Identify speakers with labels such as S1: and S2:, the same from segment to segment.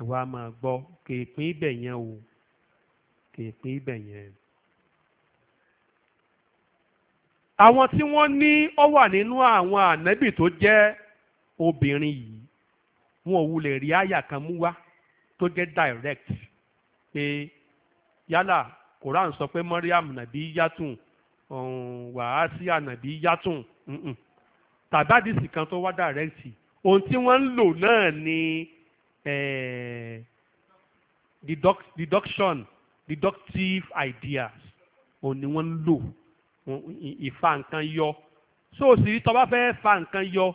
S1: ẹ wá máa gbọ́ kèèpín ibẹ̀ yẹn o kèèpín ibẹ̀ yẹn. àwọn tí wọ́n ní ó wà nínú àwọn ànábì tó jẹ́ obìnrin yìí wọn ò wulẹ̀ rí àyà kan mú wá tó jẹ́ direct pé yálà Quran sọ pé Mariam nàbí yàtùn wàásí ànàbí yàtùn tàbádìsì kan tó wá direct ohun tí wọ́n ń lò náà ni. Eh, deduct, deduction deductive ideas òun ni wọ́n ń lò ìfa nǹkan yọ so sì tó bá fẹ́ fa nǹkan yọ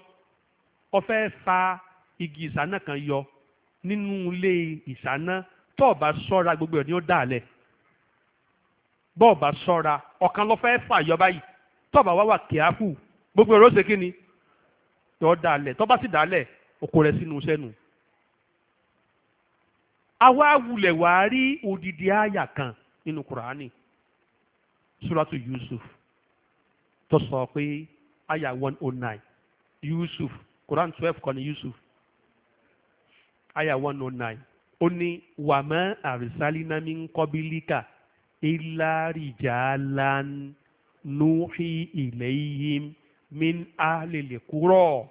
S1: ó fẹ́ fa igi ìsáná kan yọ nínú ilé ìsáná tó o bá ṣọ́ra gbogbo ẹ̀ ni ó dàlẹ̀ bó o bá ṣọ́ra ọ̀kan ló fẹ́ fà yọ báyìí tó o bá wá wà kíákù gbogbo ẹ̀ ló ṣe kí ni yọ dàlẹ̀ tó bá sì dàlẹ̀ o kò rẹ̀ sínú sẹ́nu àwa wulẹ̀ wá rí odidi àyà kan nínú kùránì suratu Yusuf tó sọ pé àyà one oh nine Yusuf Quran twelve kọ́ni Yusuf àyà one oh nine ó ní wàmọ́ àrísálínàmí ń kọ́bílíkà ìlàrìjàlán nuhi ìlẹ́yìn min àlèlè kúrọ̀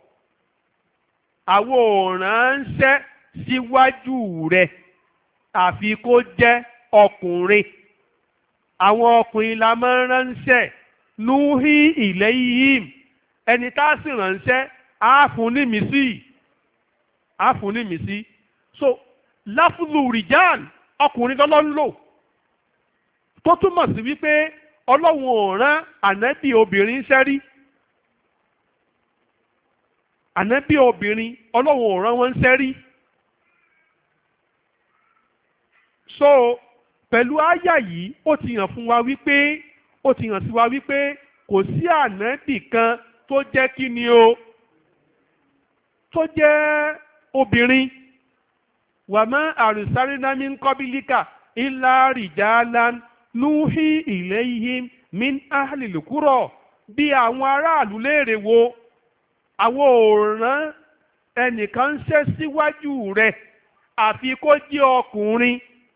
S1: àwọn òrànṣẹ́ síwájú rẹ̀. Si àfi kó jẹ́ ọkùnrin àwọn ọkùnrin la máa ń ránṣẹ́ nuhi ilayhim ẹni tá sì ránṣẹ́ á fún ní mi á fún ní mi so láfùlù rìjáàn ọkùnrin lọ́lọ́ ń lò tó túmọ̀ sí wípé ọlọ́run ò rán ànábì obìnrin sẹ́rí ànábì obìnrin ọlọ́run ò rán wọn sẹ́rí. so pẹ̀lú àyà yìí ó ti hàn fún wa wípé ó ti hàn sí wa wípé kò sí ànábì kan tó jẹ́ kí ni o tó jẹ́ obìnrin wàmọ́ ńlá rìjàlán ìlẹ́yìn min bí àwọn aráàlú léèrè wo àwọn òòràn ẹnìkan ń ṣe síwájú rẹ̀ àfi kó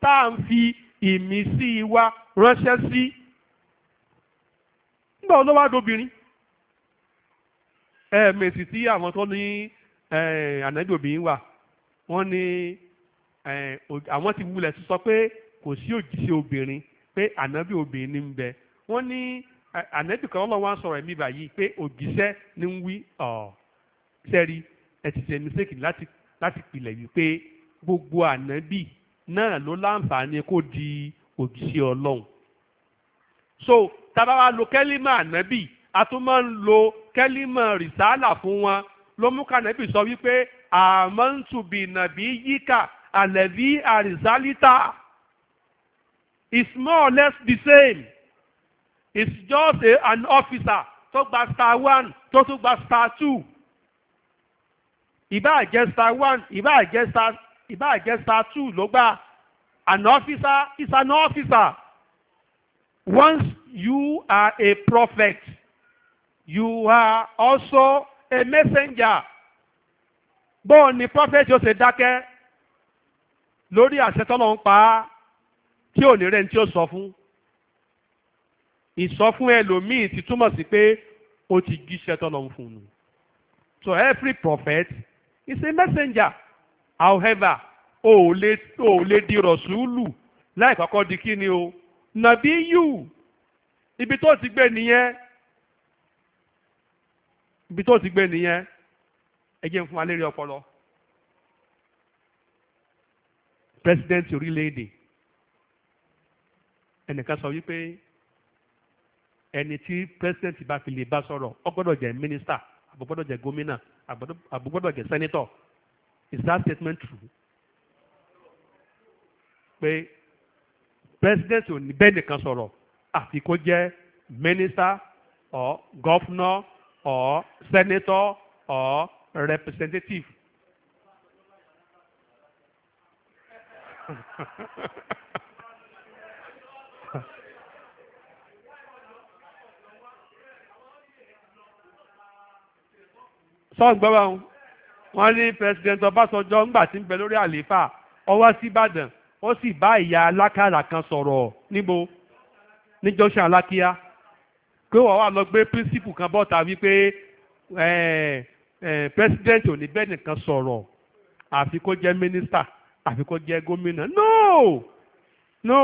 S1: tá à ń fi ìmísí wa ránṣẹ́ sí nígbà wo ló wá dobìnrin ẹ̀ẹ̀mẹ̀sì tí àwọn tó ní ànádòbìnrin wà wọ́n ní àwọn ti wulẹ̀ sọ pé kò sí òjíṣẹ́ obìnrin pé ànábì obìnrin ń bẹ wọ́n ní ànábì kan lọ́wọ́ wọn sọ̀rọ̀ ẹ̀mí báyìí pé òjíṣẹ́ ní ń wí ọ̀ sẹ́rí ẹ̀ ti ṣe mistake láti láti pilẹ̀ wípé gbogbo ànábì náà ló láǹfààní kó di òjíṣẹ́ ọlọ́run so tábà wa lo kẹ́límà ànábì a tún máa ń lo kẹ́límà rìsálà fún wọn ló mú kànábì sọ wípé àmọ́ntùbì nàbí yíkà àlẹ́bí àrìsálítà it's more or less the same it's just a, an officer tó gba star one tó tún gba star two ìbáà jẹ́ star one ìbáà jẹ́ star ìbá jẹ́ star two ló gbà an officer is an officer once you are a prophet you are also a messenger bóò ni prophet yóò ṣe dákẹ́ lórí àṣẹ tọ́lọ́ ń pa á tí ò ní rẹ́ni tí ó sọ fún ìsọfún ẹlòmíì ti túmọ̀ sí pé ó ti jíṣẹ́ tọ́lọ́ ń fún un so every prophet is a messenger. however o le lè o ò di rọ̀súlù láì kọ́kọ́ di o nàbí yù ibi tó ti gbé nìyẹn ibi tó ti gbé nìyẹn ẹ jẹ́ fún wa lérí ọpọlọ president orílẹ̀-èdè ẹnìkan sọ wípé ẹni tí president bá fi lè bá sọ̀rọ̀ ó gbọ́dọ̀ jẹ́ minister àbúgbọ́dọ̀ jẹ́ gómìnà àbúgbọ́dọ̀ jẹ́ senator Is that statement true? pé president ò ní bẹ́ẹ̀ nìkan sọ̀rọ̀ àfi kó jẹ́ minister or governor or senator or representative. sọ́ọ̀gbọ́n báwọn. wọ́n rí president Ọbásanjọ́ ńgbà tí ń bẹ lórí àlééfà ó wá sí Ìbàdàn ó sì bá ìyá alákàrà kan sọ̀rọ̀ níbo ní junction Alákíá pé wọ́n wá lọ gbé píríncípù kan bọ́ta wípé president ò ní bẹ́ẹ̀ nìkan sọ̀rọ̀ àfi kó jẹ́ mínísítà àfi kó jẹ́ gómìnà no no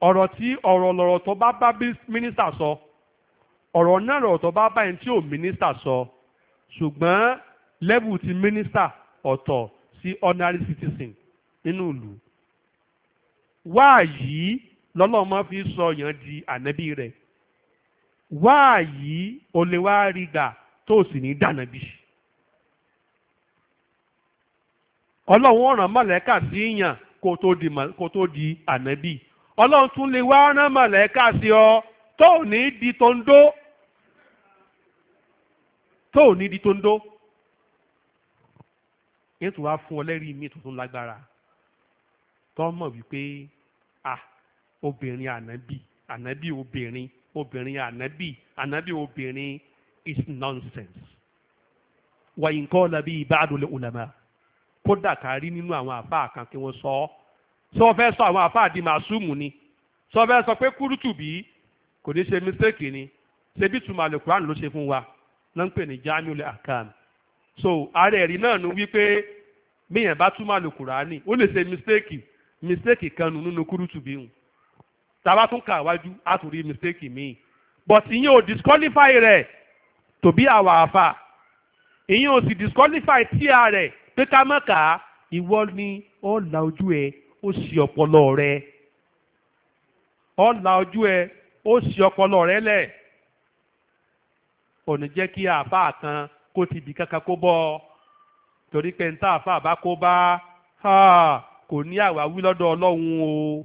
S1: ọ̀rọ̀ tí ọ̀rọ̀ lọ̀rọ̀ tó bá bá minister sọ ọ̀rọ̀ náà lọ̀rọ̀ tó bá bá ẹni tí ò mínísítà sọ. So ṣùgbọ́n level ti minister ọ̀tọ̀ sí ordinary citizen nínú ìlú wáàyí lọ́lọ́run máa fi sọ yàn di ànábì rẹ̀ wáàyí o lè wá rí gbà tó o sì ní dànàbì ọlọ́run ọ̀ràn mọ̀lẹ́kà sí yàn kó tó di ànábì ọlọ́run tún lè wá rán mọ̀lẹ́kà sí ọ tó o ní di tó ń dó tó ò ní di tó ń dó yẹn tó wá fún ọ lẹ́rìí mi tuntun lágbára tó mọ̀ wípé à obìnrin ànábì ànábì obìnrin obìnrin ànábì ànábì obìnrin is nonsense wàyí nǹkan ọ̀làbí ìbáàdùn ulama kódà ká rí nínú àwọn àfáà kan kí wọ́n sọ ọ́ sọ fẹ́ sọ àwọn àfáà di màsúùmù ni sọ fẹ́ sọ pé kúrútù bí kò ní ṣe mistake ni ṣebí túmọ̀ àlùkùránì ló ṣe fún wa náà ń pè ní jamiul akam so ààrẹ ẹ̀rí náà nu wípé bíyàn bá túmọ̀ lu kùránì ó lè ṣe mistake mistake kan nù nínú kúrútù bí hùn tàbá tún kà wájú á tún rí mistake míì but ìyẹn ò disqualify rẹ̀ tó bí àwà àfà ìyẹn ò sì disqualify tíya rẹ̀ pé ká má kà á ìwọ ni ó la ojú ẹ ó sì ọpọlọ rẹ ó la ojú ẹ ó sì ọpọlọ rẹ lẹ. ò jẹ́ kí àáfàá kan kó ti bì kankan kó bọ́ ọ torí pé ń tá bá kó bá kò ní àwáwí lọ́dọ̀ ọlọ́run o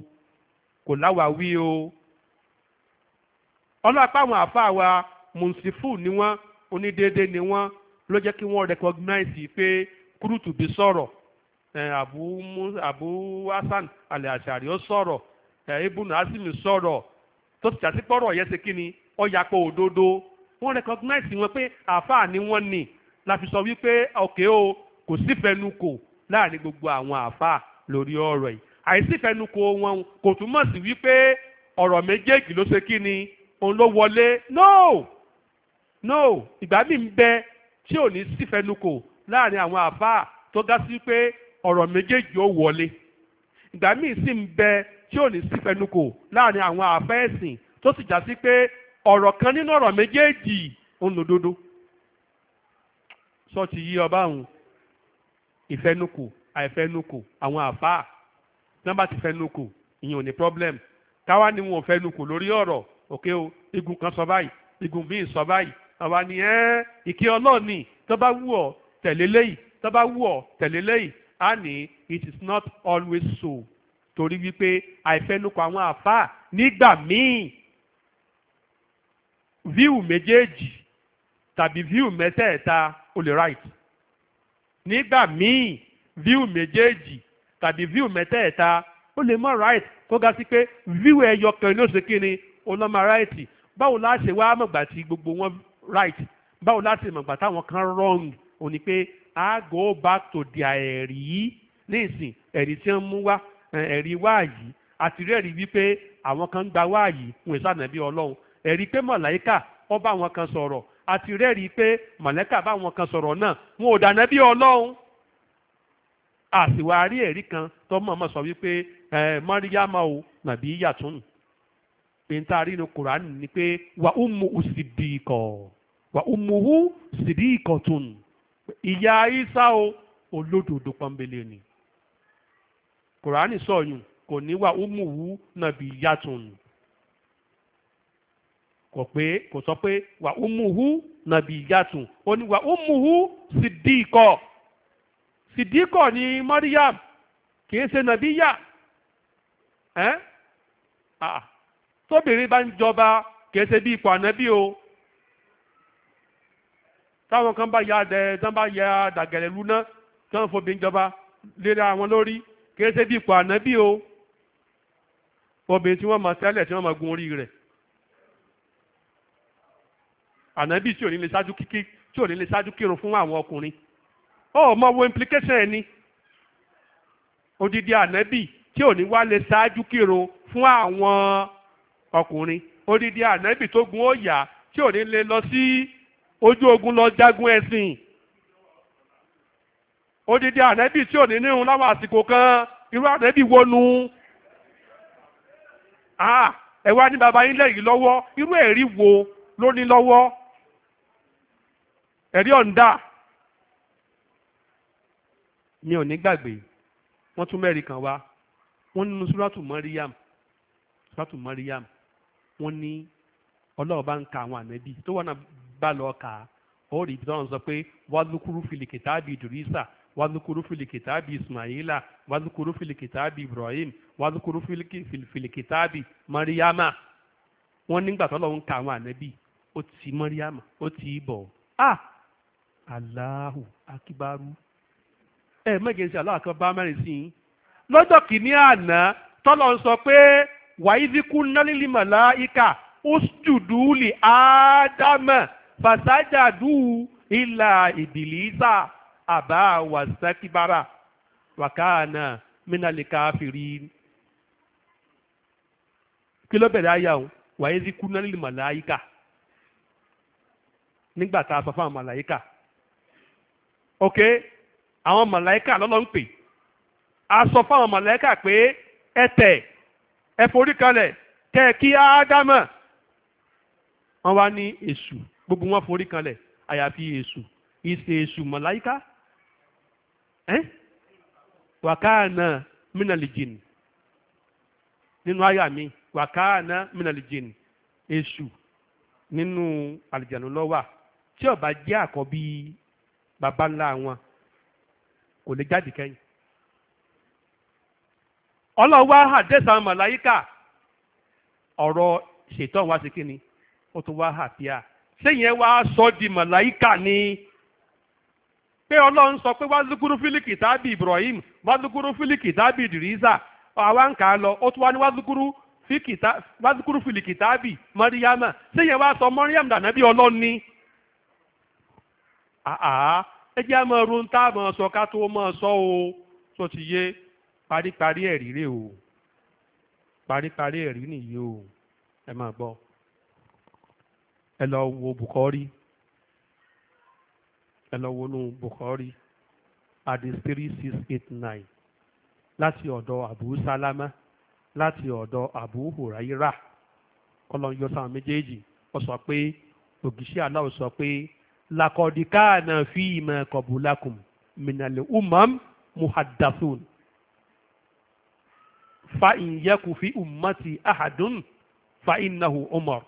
S1: kò láwáwí o ọlọ́pàá àwọn àáfàá wa mùsùlùmí ni wọ́n onídéédé ni wọ́n ló jẹ́ kí wọ́n recognize pé kúrútù bí sọ̀rọ̀ hasan alẹ́ àṣàrí ó sọ̀rọ̀ ibùnú asimi sọ̀rọ̀ tó ti jà sí pọ̀rọ̀ yẹn ṣe kí ni wọ́n recognize wọn pé àáfàá ni wọ́n ní la fi sọ wípé ọ̀kẹ́ o kò sífẹnukò láàrin gbogbo àwọn àáfàá lórí ọ̀rọ̀ yìí àìsífẹnukò wọn kò túmọ̀ sí wípé ọ̀rọ̀ méjèèjì ló ṣe kí ni òun ló wọlé no no ìgbà mi ń bẹ tí ò ní sífẹnukò láàrin àwọn àáfàá tó ga sí pé ọ̀rọ̀ méjèèjì ó wọlé ìgbà míì sì ń bẹ tí ò ní sífẹnukò láàrin àwọn àáfàá ẹ̀sìn tó sì já sí pé ọ̀rọ̀ kan nínú ọ̀rọ̀ méjèèjì òun lòdodo sọ́ọ̀tì yí ọba àwọn ìfẹnukò àìfẹnukò àwọn àfáà nọ́mbà ti fẹnukò ìyẹn ò ní problem káwá ni wọn ò fẹnukò lórí ọ̀rọ̀ òkè o igun kan sọ báyìí igun bíi sọ báyìí àwa ni ẹ́ ìkẹ́ ọlọ́ọ̀ni tó bá wù ọ́ tẹ̀lé léyìí tó bá wù ọ́ tẹ̀lé léyìí á ní it is not always so torí wípé àìfẹnukò àwọn àfáà nígbà míì view méjèèjì tàbí view mẹ́tẹ̀ẹ̀ta o lè right nígbà míì view méjèèjì tàbí view mẹ́tẹ̀ẹ̀ta o lè mọ right tó ga sí pé view ẹyọ kan ló ṣe kíni olọ́mọ right báwo la ṣe wá mọ̀gbà tí gbogbo wọn right báwo la ṣe mọ̀gbà táwọn kan wrong ò ní pé a go back to their ẹ̀rí nísìn ẹ̀rí tí wọ́n mú wá ẹ̀rí wáàyí àti rẹ́ẹ̀rí wípé àwọn kan gba wáàyí fún ìsànà bí ọlọ́run ẹ̀rí pé mọ̀láyíkà ó bá wọn kan sọ̀rọ̀ àti rẹ́ẹ̀rí pé mọ̀láyíkà bá wọn kan sọ̀rọ̀ náà wọn ò dànà bí ọlọ́run àsìwárí ẹ̀rí kan tó mọ̀ọ́mọ̀ sọ wípé ẹ̀ mọ́ríyámà o nàbí yàtún pèntàrí ní kùránì ni pé wà úmu sìdìkọ̀ wà úmuhu sìdìkọ̀ tún ìyá isa o olódodo pọ́nbélé ni kùránì sọ̀yún kò ní wà úmuhu nàbí yàtún. kò pé kò sọ pé wà umuhu nàbí yàtùn ó ní wà umuhu sidikọ sidikọ ni Mariam kìí ṣe nàbí yà ẹ́ tóbìnrin bá ń jọba kìí ṣe bí ipò ànábì o táwọn kan bá ya dẹ tán bá ya dàgẹ̀rẹ̀ lúná tán fòbí ìjọba léra àwọn lórí kìí ṣe bí ipò ànábì o obìnrin tí wọ́n mọ̀ tẹ́lẹ̀ tí wọ́n mọ̀ gun orí rẹ̀ ànábì tí ò ní lè ṣáájú kíkí tí ò ní lè ṣáájú kírun fún àwọn ọkùnrin ó mọ wo implication ẹ ni odidi ànábì tí ò ní wá lè ṣáájú kírun fún àwọn ọkùnrin odidi ànábì tó gun ó yà tí ò ní lè lọ sí ojú ogun lọ jagun ẹ̀sìn odidi ànábì tí ò ní nírun láwọn àsìkò kan irú ànábì wọnú ah, ẹ wá ní baba yín lẹ́yìn lọ́wọ́ irú ẹ̀rí wo ló ní lọ́wọ́ ẹ̀rí ọ̀ǹda mi ò ní gbàgbé wọ́n tún mẹ́rin kan wá wọ́n nínú súrátù mọ́ríyàm súrátù mọ́ríyàm wọ́n ní ọlọ́run bá ń ka àwọn ànábì tó wọ́n náà bá lọ kà á ó rí ibi tí wọ́n sọ pé wàlúkúrú fìlìkìtàbí ìdùrísà wàlúkúrú fìlìkìtàbí ismaila wàlúkúrú fìlìkìtàbí ibrahim wàlúkúrú fìlìkìtàbí mọ́ríyàmà wọ́n nígbà tó lọ́wọ́ ń ka àwọn ànábì ó ti mọ́ríyàmà ó ti bọ̀ ah Allahu akibaru ẹ mẹ́gẹ̀ sí aláàkọ́ bá mẹ́rin sí i lọ́jọ́ kìíní àná tọ́lọ̀ ń sọ pé wàyídíkú nálílì màláìka usjuduli ádámà fàṣájàdù ìlà ìbìlísà àbá wàṣákíbára wàkàánà mínàlíkà fìrí. kí ló bẹ̀rẹ̀ àyà o wàyídíkú nálílì màláìka nígbà tá a sọ fún àwọn màláìka ok àwọn màláìkà lọ́lọ́ ń pè a sọ fáwọn màláìkà pé ẹ tẹ̀ ẹ forí kalẹ̀ tẹ̀ kí ádámà wọ́n gbogbo wọn forí kalẹ̀ àyàfi èṣù ìṣe èṣù màláìkà ẹ́ wàkàánà mínàlìjìn nínú àyà mi wàkàánà mínàlìjìn èṣù nínú àlìjànú tí ọba jẹ́ bàbá ńlá wọn kò lè jáde kẹ́yìn. ọlọ́wọ́ àdẹ́sà màláyíkà ọ̀rọ̀ ṣètò wa sí kínni ó tún wá sẹ́yìn di màláyíkà ni pé ọlọ́run sọ pé wá lukuru fílíkì Ibrahim wá lukuru fílíkì tábì Idrisa àwa ń kà á lọ ó tún wá ní wá lukuru fílíkì tábì sẹ́yìn ẹ Mariam dànàbí ọlọ́run ni. àá ẹ jẹ́ àmọ́ ro ń tá àmọ́ sọ ká tó mọ́ sọ o tó ti yé paríparí ẹ̀rí rè o paríparí ẹ̀rí nìyí o ẹ máa gbọ́ ẹ lọ wo Bukhari ẹ lọ wo nu Bukhari hadith three six eight nine láti ọ̀dọ̀ Abu Salama láti ọ̀dọ̀ Abu Huraira kọ́lọ́ yọ sáwọn méjèèjì ó sọ pé ògìṣẹ́ aláwọ̀ sọ pé lakọdikaana fi ma kọbulakum minali umam muhadasun fa in yaku fi ummati ahadun fa innahu umar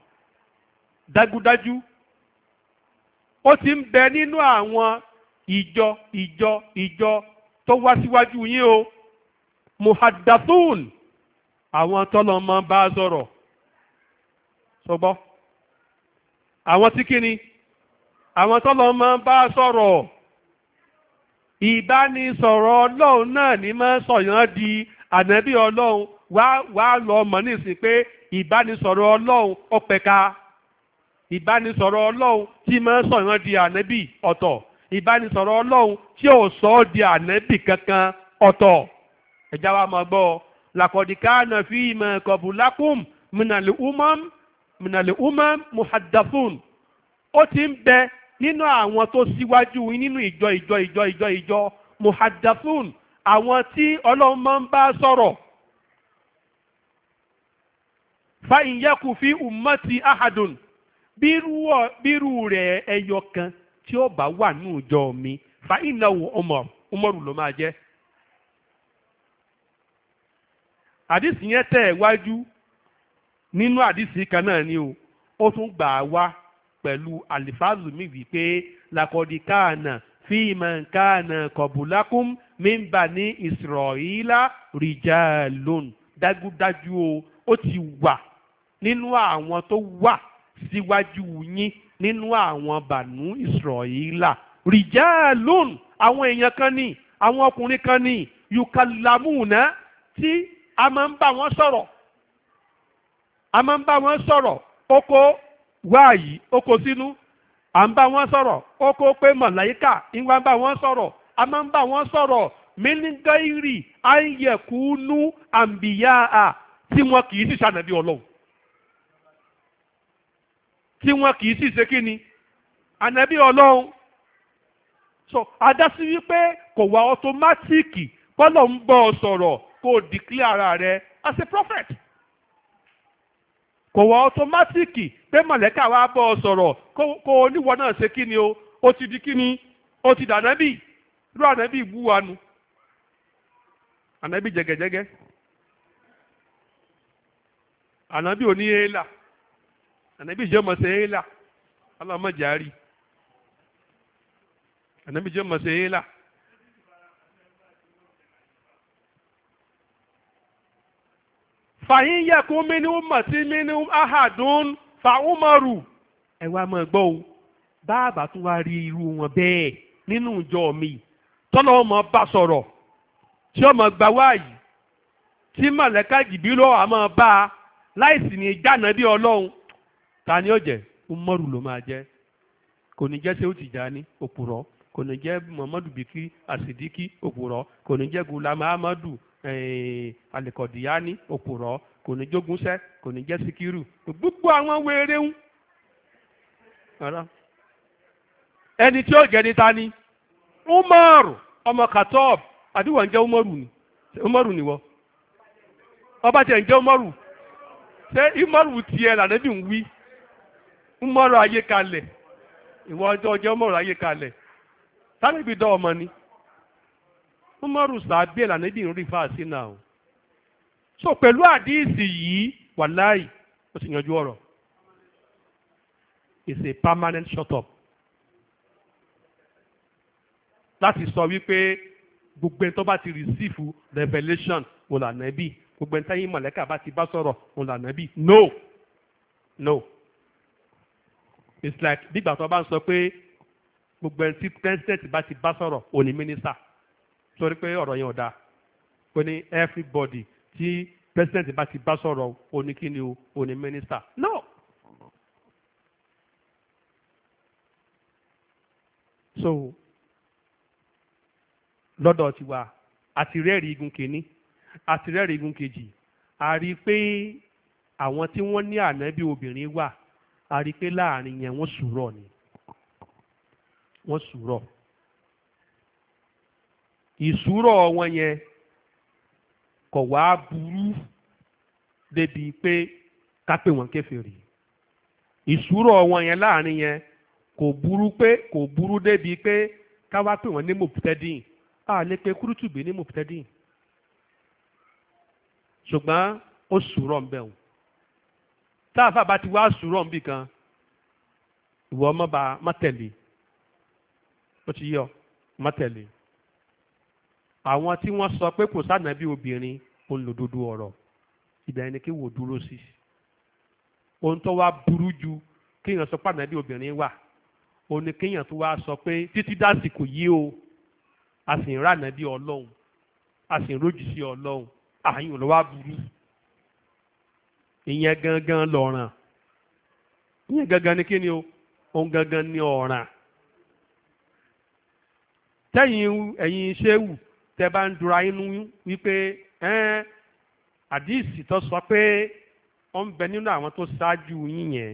S1: dagudaju ó ti ń bẹ nínú àwọn ìjọ ìjọ ìjọ tó wá síwájú yín o muhadasun àwọn tọ́lọ́ máa bá a sọ̀rọ̀ sọgbọ́ àwọn tí kí àwọn tọ́lọ máa ń bá sọ̀rọ̀ ìbánisọ̀rọ̀ ọlọ́run náà ní máa ń sọ̀yàn di ànábì ọlọ́run wá wá lọ mọ̀ nísìn pé ìbánisọ̀rọ̀ ọlọ́run ó pẹ̀ka ìbánisọ̀rọ̀ ọlọ́run tí máa ń sọ̀yàn di ànábì ọ̀tọ̀ ìbánisọ̀rọ̀ ọlọ́run tí ò sọ ọ́ di ànábì kankan ọ̀tọ̀ ẹ̀já wa máa gbọ́ làkọ̀dìkánà fi ìmọ̀ kọ̀bùlákùm mìnàlẹ̀ umam mìnàlẹ̀ umam muhaddathun ó ti ń bẹ nínú àwọn tó síwájú nínú ìjọ ìjọ ìjọ ìjọ ìjọ muhadafun àwọn tí ọlọ́run máa ń bá sọ̀rọ̀ fa ìyẹ́kù fi ummati ahadun bírú rẹ̀ ẹyọ kan tí ó bá wà ní ìjọ mi fa ìnáwó Umar Umaru ló máa jẹ́ àdìsí yẹn tẹ̀ wájú nínú àdìsí kan náà ni o ó tún gbà á wá pẹ̀lú àlìfáàzù mi wípé làkọ̀dí káànà fíìmà káànà kọ̀bùlákùm mímbà ní ìsìrọ̀ìlà rìjàlón dájúdájú o ó ti wà nínú àwọn tó wà síwájú yín nínú àwọn bànú ìsìrọ̀ìlà rìjàlón àwọn èèyàn kan ní àwọn ọkùnrin kan ní yukalamuna tí a máa ń bá wọn sọ̀rọ̀ a máa ń bá wọn sọ̀rọ̀ kókó. wáàyí ó kó sínú à ń bá wọn sọ̀rọ̀ ó kó pé mọ̀láyíkà ń bá wọn sọ̀rọ̀ a máa ń bá wọn sọ̀rọ̀ mínígáírì ayẹ̀kúnú àǹbìyá à tí wọn kì í sì sànàbí ọlọ́run tí wọn kì í sì ṣe kíni ànàbí ọlọ́run so adásí wípé kò wá ọtọmátìkì bọ́lọ̀ ń bọ́ ọ sọ̀rọ̀ kó o dìklẹ́ ara rẹ as a prophet. kò wọ ọtọmátìkì pé mọ̀lẹ́kà wa bọ́ ọ sọ̀rọ̀ kó oníwọ náà ṣe kí ni o ó ti di kí ni ó ti dànábì irú ànábì bú wa nu ànábì jẹgẹjẹgẹ ànábì òní éèlà ànábì jẹ́mọ̀ sí éèlà ọlọ́mọ sí éèlà. fàyín yẹkùn mínú mọ̀tí mínú ahadùn fàúmọ̀rù ẹ wá máa gbọ́ o báàbà tún wá rí irú wọn bẹ́ẹ̀ nínú ìjọ mi tọ́lọ́ ọmọ bá sọ̀rọ̀ tí ọmọ gbà wáyìí tí mọ̀lẹ́ká jìbìlọ́ àmọ́ bá a láìsí ní ìjànà bí ọlọ́run ta ni ó jẹ́ umaru ló máa jẹ́ kò ní jẹ́ sẹ́wọ́n tìjání òpùrọ́ kò ní jẹ́ muhammadu bikiri asidiki òpùrọ́ kò ní jẹ́ gulama amadu Eh, alikọ̀dìyání òpùrọ̀ kò ní jógúnṣẹ́ kò ní jẹ́ síkírù gbogbo àwọn wéré ń ẹni tí ó jẹ́ níta ni umaru ọmọ Katob àdúgbò ń Umaru ni Umaru ni wọ́ ọba tẹ̀ ń Umaru ṣé Umaru tiẹ̀ lànàbí ń wí Umaru ayé kalẹ̀ ìwọ ọjọ́ ọjọ́ Umaru ayé kalẹ̀ tálẹ́bí dọ́ ọmọ ni. umaru sàbẹ̀ lànàbí ń rí fáàsì náà o so pẹ̀lú àdíìsì yìí wàláì ó sì yanjú ọ̀rọ̀ it's a permanent shut up láti sọ wípé gbogbo ẹni tó bá ti receive revelation wò lànàbí gbogbo ẹni táyé mọ̀lẹ́kà bá ti bá sọ̀rọ̀ wò lànàbí no no it's like bí ìgbà tó bá ń sọ pé gbogbo ẹni tí president bá ti bá sọ̀rọ̀ òní minister torí pé ọ̀rọ̀ yẹn ò dáa pé ní everybody tí president bá ti bá sọ̀rọ̀ oníkíni o oní minister no. so lọ́dọ̀ tiwa àti rẹ́ẹ̀rí igun kìíní àti rẹ́ẹ̀rí igun kejì a rí i pé àwọn tí wọ́n ní ànábì obìnrin wà a rí i pé láàrin yẹn wọ́n sùúrọ̀ ni wọ́n sùúrọ̀ ìṣúrọ̀ wọn yẹn kò wá burú débi pé ká pè wọ́n kèfèrí ìṣúrọ̀ wọn yẹn láàrin yẹn kò burú pé kò burú débi pé ká wá pè wọ́n ní mọ̀pútẹ́dìn a lè pe kúrútùbí ní mọ̀pútẹ́dìn ṣùgbọ́n ó ṣúrọ̀ ń bẹ̀ o táàfà bá ti wá ṣúrọ̀ ń bì kan ìwọ ọmọ má tẹ̀lé ó ti yọ má tẹ̀lé àwọn tí wọ́n sọ pé kò sànàbí obìnrin olùdodo ọ̀rọ̀ ìgbà ẹni kí wò dúró sí ohun tó wá burú ju kéèyàn sọ pé ànàbí obìnrin wà òun ni kéèyàn tó wá sọ pé títí dásìkò yìí o a sì ń rà ànàbí ọlọ́run a sì ń rójì sí ọlọ́run àyìn ló wá burú ìyẹn gangan lọ̀ràn ìyẹn gangan ni kí ni o òun gangan ni ọ̀ràn tẹ́yìn ẹ̀yin ṣéwù tẹ bá ń dura inú wípé ẹ́n àdìsí tó sọ pé ó ń bẹ nínú àwọn tó ṣáájú yín yẹn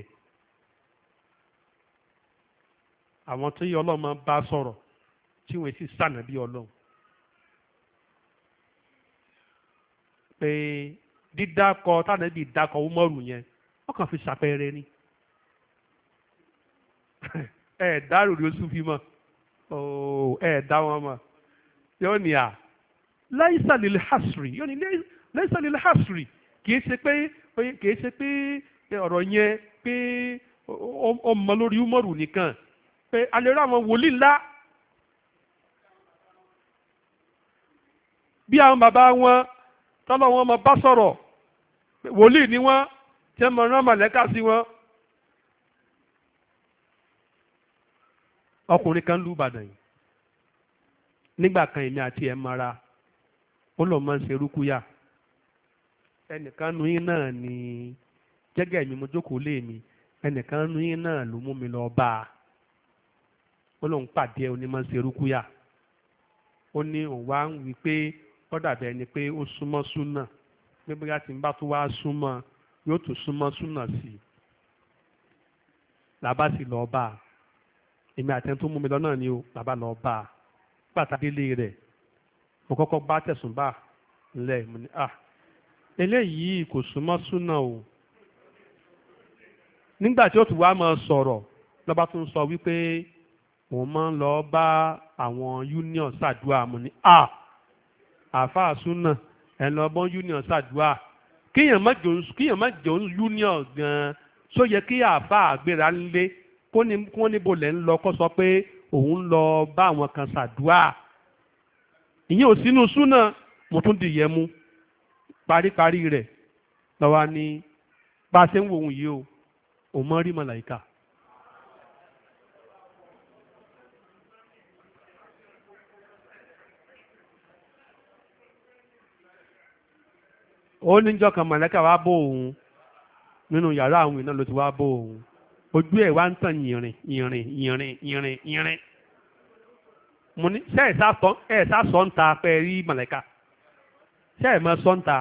S1: àwọn tó yẹ ọlọ́mọ bá sọ̀rọ̀ tí wọ́n sì sànà bí ọlọ́run pé dídákọ tánàbí dákọ Umaru yẹn wọ́n fi ṣàpẹẹrẹ ni ẹ dárò ló sún fi mọ́ ẹ dá wọn mọ́ yóò ní à láìsàlẹ̀ hasri yóò ní láìsàlẹ̀ hasri kìí ṣe pé kìí ṣe pé ọ̀rọ̀ yẹn pé ọmọ lórí umaru nìkan pé alẹ́ rà wọn wòlíì ńlá bí àwọn bàbá wọn tọ́lọ́ wọn máa bá sọ̀rọ̀ wòlíì ni wọ́n tí wọ́n máa rán màlẹ́kà sí wọn. ọkùnrin kan lù Ìbàdàn yìí nígbà kan èmi àti ẹ̀ mara ó lọ máa ń ṣe rúkúyà ẹnìkan nu yín náà ni jẹ́gẹ́ mi mo jókòó lé mi ẹnìkan nu yín náà ló mú mi lọ bá a ó lóun pàdé ẹ onímọ̀ ṣe rúkúyà ó ní òun wá ń wí pé ó dàbẹ̀ ni pé ó súnmọ́ súnà pé bóyá tí n bá tó wá súnmọ́ yóò tún súnmọ́ súnà sí i làbá sì lọ bá a èmi àtẹnudó mú mi lọ náà ni o làbá lọ bá a pàtàkì délé rẹ̀ mo kọ́kọ́ bá tẹ̀sùn bá ńlẹ̀ mo ní à ah, eléyìí kò súnmọ́ súnà o nígbà tí ó tún wá máa sọ̀rọ̀ lọ́ba tún sọ wípé òun máa ń lọ bá àwọn union ṣàdúrà mo ní à ah, àáfàá súnà ẹ̀ lọ bọ́ union ṣàdúrà kíyàn má jò kíyàn má jò union gan-an só yẹ kí àáfàá àgbéra ńlé kó ní kó níbo lẹ́ ń lọ kó sọ pé òun lọ bá àwọn kan ṣàdúà ìyẹn ò sínú súnà mo tún dìyẹ mú paríparí rẹ̀ lọ́wọ́ ni bá a ṣe ń wo òun yìí o òun mọ́ rí màláìkà. ó níjọ́ kan màláìkà wá bó òun nínú yàrá àwọn iná ló ti wá bó òun ojú ẹ̀ wá ń tàn yìnrìn yìnrìn yìnrìn yìnrìn yìnrìn mo ní ṣe ẹ̀ sá sọ ń ta pé rí mọ̀lẹ́ka ṣe ẹ̀ mọ sọ ń ta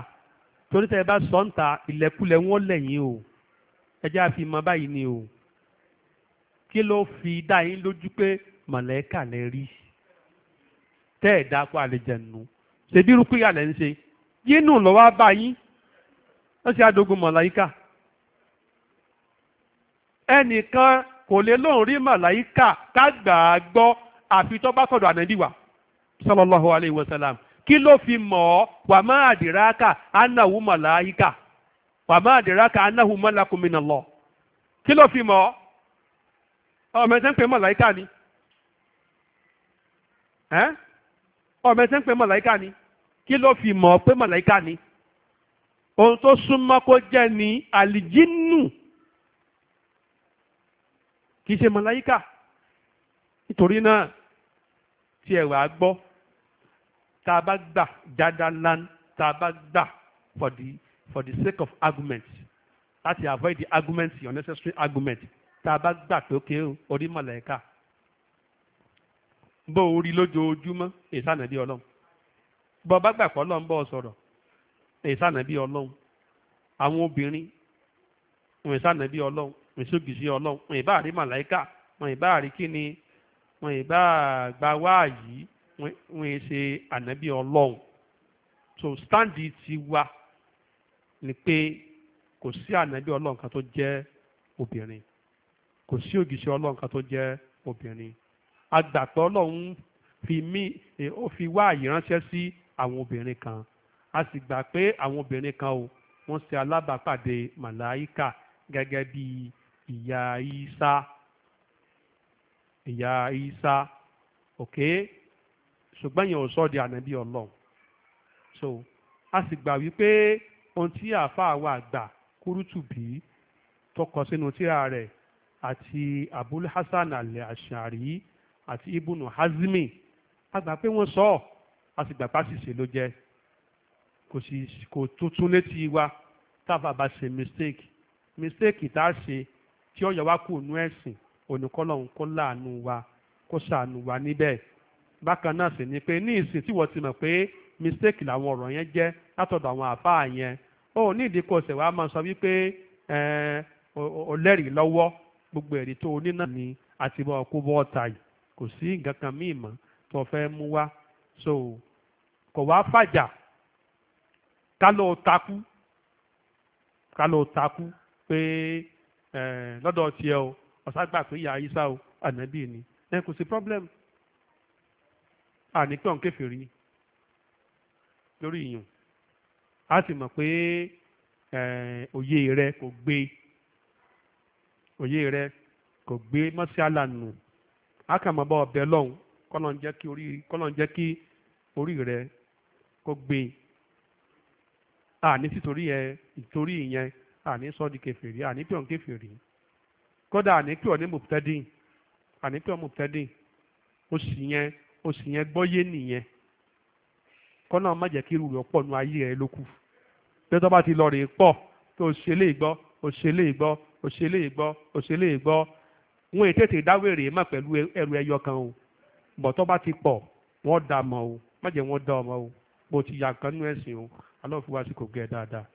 S1: torí tẹ́ ẹ bá sọ ń ta ìlẹ̀kulẹ̀ wọn lẹ́yìn o ẹjẹ́ àfi mọ báyìí ni o kí ló fi dá yín lójú pé mọ̀lẹ́ka lẹ rí tẹ́ ẹ̀ dákọ̀ àlejànù ṣèbí rúkúyà lẹ́ ń ṣe yínú lọ́wọ́ bá yín wọ́n ṣe adogun mọ̀láyíkà. ẹnìkan kò lè lóun rí màláìkà ká gbà á gbọ́ àfi sọ̀dọ̀ ànábì wa sallallahu alayhi wa sallam kí ló fi mọ̀ ọ́ wà má àdìrákà ánáwó màláìkà wà má àdìrákà ánáwó malakun minallah kí ló fi mọ̀ ọ́ ọmọ ẹsẹ̀ ń pè ni ọmọ ẹsẹ̀ ń pè màláìkà ni kí ló fi mọ̀ ọ́ pé ni ohun tó súnmọ́ kó jẹ́ ni àlìjín kìí ṣe màláíkà nítorí náà tí ẹ wàá gbọ́ tá a bá gbà jadalan tá a bá gbà for the for the sake of argument láti avoid the argument the unnecessary argument tá a bá gbà pé ókè orí màláíkà bó o rí lójoojúmọ́ ìsànàbí ọlọ́run bó o bá gbà pé ọlọ́run bó o sọ̀rọ̀ ìsànàbí ọlọ́run àwọn obìnrin ìsànàbí ọlọ́run ìṣògìṣẹ́ ọlọ́run wọn ìbá àrí màláìkà wọn ìbá àrí kíni wọn ìbá àgbà wáàyí wọn ìṣe ànábì ọlọ́run so stand ti wa ni pé kò sí ànábì ọlọ́run kan tó jẹ́ obìnrin kò sí ògìṣẹ́ ọlọ́run kan tó jẹ́ obìnrin agbàpẹ́ ọlọ́run fi mí eh, ó fi wá ránṣẹ́ sí àwọn obìnrin kan a sì gbà pé àwọn obìnrin kan o wọ́n ṣe alábàápàdé màláíkà gẹ́gẹ́ bíi ìyá Ìsá ìyá Ìsá ok ṣùgbọ́n yẹn ò sọ di ànábì ọlọ́run so a sì gbà wípé ohun tí àáfàá wa gbà kúrútùbí tó kọ sínú tírà rẹ̀ àti Abul Hasan al-Ash'ari àti Ibnu Hazmi a gbà pé wọ́n sọ ọ́ a sì gbà pásìsì ló jẹ́ kò sì kò tuntun létí wa táfà bá ṣe mistake mistake tá a ṣe tí ó yọ wá kú ònú ẹ̀sìn ònìkọ́lọ́hún kó láàánú wa kó ṣàánú wa níbẹ̀ bákan náà sì ni pé ní ìsìn tí wọ́n ti mọ̀ pé mistake làwọn ọ̀rọ̀ yẹn jẹ́ látọ̀dọ̀ àwọn àfáà yẹn ó ní ìdíkọ̀ ọ̀sẹ̀ wa máa sọ wípé ọlẹ́rìí lọ́wọ́ gbogbo ẹ̀rí tó ní náà ni àti bọ́ ọkú bọ́ ọ̀tà yìí kò sí nǹkan kan míì mọ́ tó fẹ́ mú wá so kò wá fàjà ká ló takú ká ló takú pé. Eh, lọ́dọ̀ tiẹ̀ o ọ̀sá gbà pé ìyá o ànábì ni ẹ kò sí problem àní pé òun lórí a sì mọ̀ pé eh, òye rẹ kò gbé òye rẹ kò gbé mọ́sálà a kà mọ̀ bá ọbẹ̀ lọ́hùn kọ́lọ̀ rẹ kò gbé àní sí torí ẹ àní sọ di kèfèrí àní pè ọ́n kèfèrí kódà àní pè ọ́n ní mùtẹ́dìn àní pè ọ́n mùtẹ́dìn ó sì yẹn ó sì yẹn gbọ́yé nìyẹn kọ́nà má jẹ́ kí irú rẹ̀ pọ̀ nu ayé rẹ̀ lókù pé tó bá ti lọ rè é pọ̀ tó ṣe lè gbọ́ ó ṣe lè gbọ́ ó ṣe lè gbọ́ ó ṣe lè gbọ́ wọn ètètè dáwèrè mọ̀ pẹ̀lú ẹrù ẹyọ kan o bọ̀ tó ti pọ̀ wọ́n dà mọ́ o má jẹ́ wọ́n dá ọmọ o bó ti yà kan ẹ̀sìn o alọ́ fi wá sí kò gẹ́ dáadáa.